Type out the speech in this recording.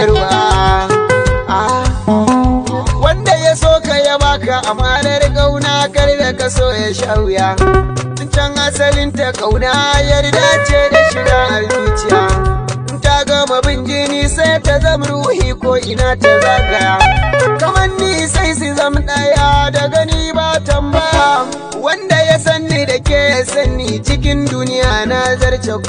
sayarwa ah. wanda ya so ka ya baka amanar gauna kar da ka so ya sha wuya can asalin ta kauna yarda ce da shiga a ta gama bin jini sai ta zama ruhi ko ina ta zagaya kamar ni sai su zam ɗaya da gani ba tambaya wanda ya sanni da ke sanni cikin duniya na zarce